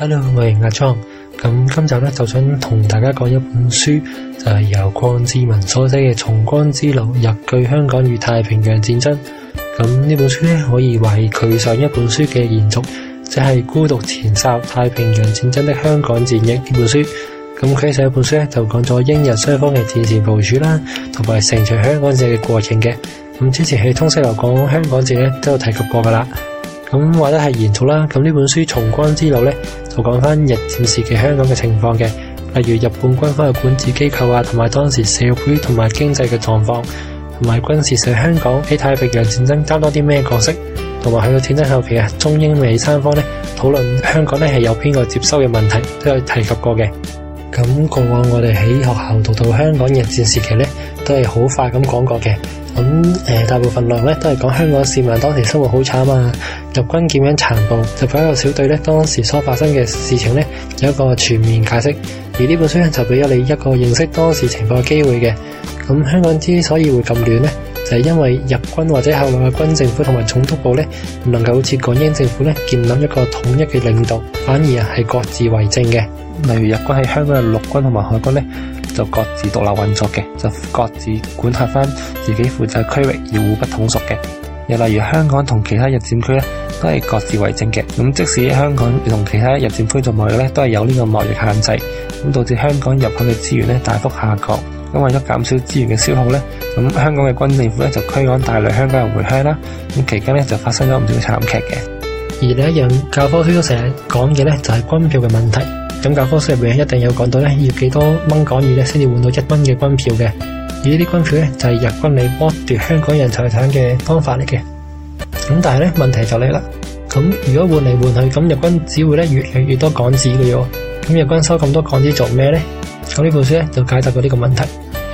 Hello，我係阿莊，咁今集咧就想同大家講一本書，就係由鄺志文所寫嘅《重光之路：日據香港與太平洋戰爭》。咁呢本書咧可以為佢上一本書嘅延續，即係《孤獨前哨：太平洋戰爭的香港戰役》呢本書。咁佢上一本書咧就講咗英日雙方嘅戰前部署啦，同埋成場香港戰嘅過程嘅。咁之前喺通識樓講香港戰咧都有提及過噶啦。咁或者係延續啦，咁呢本書《重光之路》咧，就講返日戰時期香港嘅情況嘅，例如日本軍方嘅管治機構啊，同埋當時社會同埋經濟嘅狀況，同埋軍事上香港喺太平洋戰爭擔多啲咩角色，同埋喺到戰爭後期啊，中英美三方咧討論香港咧係有邊個接收嘅問題都有提及過嘅。咁過往我哋喺學校讀到香港日戰時期咧，都係好快咁講過嘅，咁誒、呃、大部分內容咧都係講香港市民當時生活好慘啊，日軍點樣殘暴，就及一個小隊咧當時所發生嘅事情咧有一個全面解釋，而呢本書就俾咗你一個認識當時情況嘅機會嘅。咁香港之所以會咁亂咧，就係、是、因為日軍或者後來嘅軍政府同埋總督部咧唔能夠好似港英政府咧建立一個統一嘅領導，反而啊係各自為政嘅。例如日軍喺香港嘅陸軍同埋海軍咧。就各自獨立運作嘅，就各自管轄翻自己負責區域而互不統屬嘅。又例如香港同其他日佔區咧，都係各自為政嘅。咁即使香港同其他日佔區做貿易咧，都係有呢個貿易限制，咁導致香港入口嘅資源咧大幅下降。咁為咗減少資源嘅消耗咧，咁香港嘅軍政府咧就驅趕大量香港人回鄉啦。咁期間咧就發生咗唔少慘劇嘅。而第一樣教科書都成日講嘅咧，就係軍票嘅問題。咁教科書入面一定有講到咧，要幾多蚊港紙咧先至換到一蚊嘅軍票嘅，而呢啲軍票咧就係日軍嚟剝奪香港人財產嘅方法嚟嘅。咁但係咧問題就嚟啦，咁如果換嚟換去，咁日軍只會咧越嚟越多港紙嘅喎。咁日軍收咁多港紙做咩咧？咁呢本書咧就解答過呢個問題。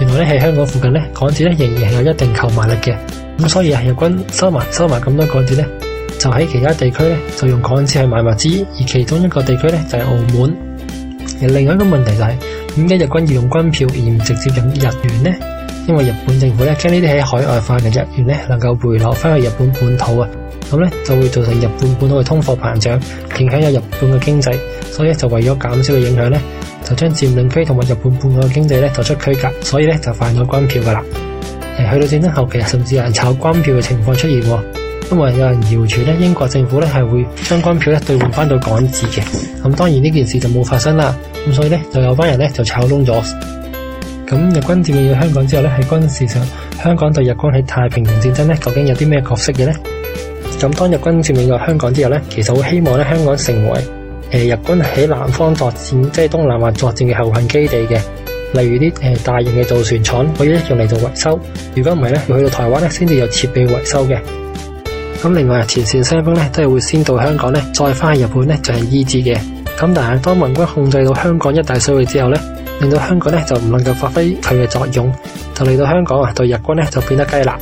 原來咧喺香港附近咧，港紙咧仍然係有一定購買力嘅。咁所以啊，日軍收埋收埋咁多港紙咧，就喺其他地區咧就用港紙去買物資，而其中一個地區咧就係澳門。而另外一個問題就係點解日軍要用軍票而唔直接用日元呢？因為日本政府咧將呢啲喺海外發嘅日元咧能夠回流翻去日本本土啊，咁咧就會造成日本本土嘅通貨膨脹，影響有日本嘅經濟，所以就為咗減少嘅影響咧，就將佔領區同埋日本本土嘅經濟咧作出區隔，所以咧就發咗軍票噶啦。誒去到戰爭後期甚至有人炒軍票嘅情況出現喎。因為有人謠傳咧，英國政府咧係會將軍票咧兌換翻到港紙嘅。咁當然呢件事就冇發生啦。咁所以咧就有班人咧就炒窿咗。咁日軍佔領咗香港之後咧，喺軍事上，香港對日軍喺太平洋戰爭咧，究竟有啲咩角色嘅咧？咁當日軍佔領咗香港之後咧，其實好希望咧香港成為誒日軍喺南方作戰，即係東南亞作戰嘅後勤基地嘅，例如啲誒大型嘅造船廠可以用嚟做維修。如果唔係咧，要去到台灣咧，先至有設備維修嘅。咁另外啊，前線雙方咧都係會先到香港咧，再翻去日本咧就係醫治嘅。咁但係當盟軍控制到香港一大水域之後咧，令到香港咧就唔能夠發揮佢嘅作用。就嚟到香港啊，對日軍咧就變得雞肋。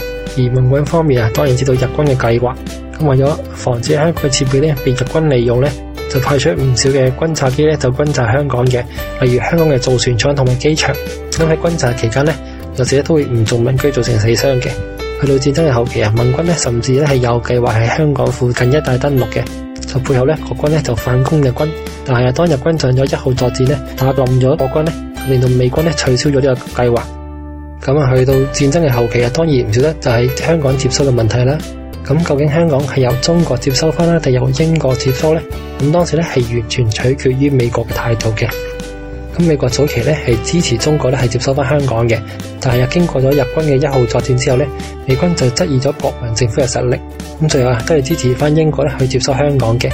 而盟軍方面啊，當然知道日軍嘅計劃。咁為咗防止香港嘅設備咧被日軍利用咧，就派出唔少嘅轟炸機咧就轟炸香港嘅，例如香港嘅造船廠同埋機場。咁喺轟炸期間咧，有時都會唔做民居，造成死傷嘅。去到戰爭嘅後期啊，盟軍咧甚至咧係有計劃喺香港附近一帶登陸嘅，就背後，咧國軍咧就反攻日軍。但係當日軍上咗一號作戰咧打冧咗國軍咧，令到美軍咧取消咗呢個計劃。咁啊，去到戰爭嘅後期啊，當然唔少得就係香港接收嘅問題啦。咁究竟香港係由中國接收翻啦，定由英國接收咧？咁當時咧係完全取決於美國嘅態度嘅。咁美國早期咧係支持中國咧係接收翻香港嘅，但係經過咗日軍嘅一號作戰之後咧，美軍就質疑咗國民政府嘅實力，咁最後啊都係支持翻英國咧去接收香港嘅。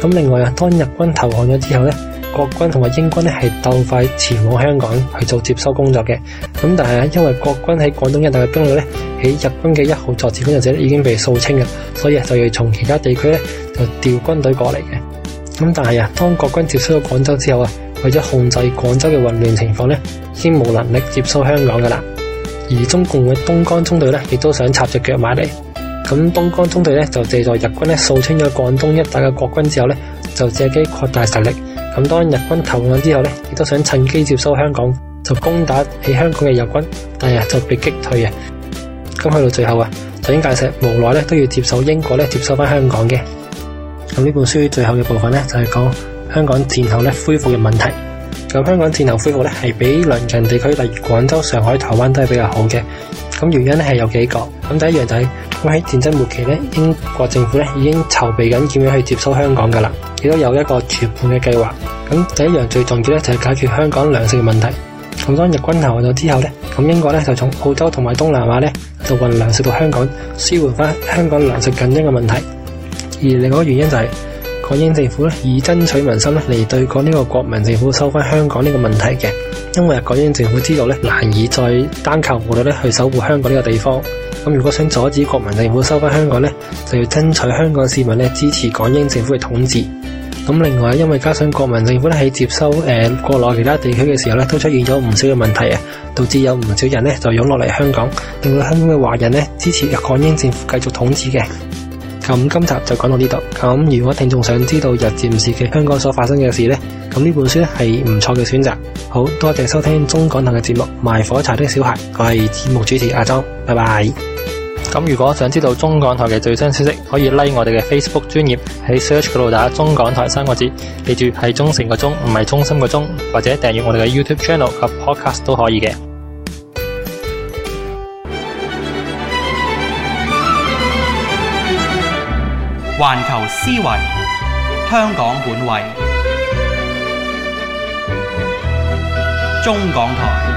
咁另外啊，當日軍投降咗之後咧，國軍同埋英軍咧係鬥快前往香港去做接收工作嘅。咁但係啊，因為國軍喺廣東一帶嘅兵力咧喺日軍嘅一號作戰嗰陣時已經被掃清嘅，所以啊就要從其他地區咧就調軍隊過嚟嘅。咁但係啊，當國軍接收咗廣州之後啊。為咗控制廣州嘅混亂情況呢，先冇能力接收香港噶啦。而中共嘅東江中隊呢，亦都想插隻腳埋嚟。咁東江中隊呢，就借助日軍咧掃清咗廣東一帶嘅國軍之後呢，就借機擴大實力。咁當日軍投降之後呢，亦都想趁機接收香港，就攻打起香港嘅日軍，但係就俾擊退嘅。咁去到最後啊，蔣介石無奈咧都要接受英國呢，接收翻香港嘅。咁呢本書最後嘅部分呢，就係講。香港戰後咧恢復嘅問題，咁香港戰後恢復咧係比鄰近地區，例如廣州、上海、台灣都係比較好嘅。咁原因咧係有幾個。咁第一樣就係，咁喺戰爭末期咧，英國政府咧已經籌備緊點樣去接收香港噶啦，亦都有一個全盤嘅計劃。咁第一樣最重要咧就係解決香港糧食嘅問題。咁當日軍投降咗之後咧，咁英國咧就從澳洲同埋東南亞咧就運糧食到香港，舒緩翻香港糧食緊張嘅問題。而另外一個原因就係。港英政府咧以爭取民心咧嚟對抗呢個國民政府收翻香港呢個問題嘅，因為港英政府知道咧難以再單靠武力咧去守護香港呢個地方，咁如果想阻止國民政府收翻香港咧，就要爭取香港市民咧支持港英政府嘅統治。咁另外，因為加上國民政府咧喺接收誒國內其他地區嘅時候咧都出現咗唔少嘅問題啊，導致有唔少人咧就湧落嚟香港，令到香港嘅華人咧支持港英政府繼續統治嘅。咁今集就講到呢度。咁如果聽眾想知道日據時期香港所發生嘅事呢？咁呢本書係唔錯嘅選擇。好多謝收聽中港台嘅節目《賣火柴的小孩》，我係節目主持阿莊，拜拜。咁如果想知道中港台嘅最新消息，可以拉、like、我哋嘅 Facebook 專頁喺 search 嗰度打中港台三個字，記住係忠誠個忠，唔係中心個中，或者訂閱我哋嘅 YouTube channel 及 podcast 都可以嘅。環球思維，香港本位，中港台。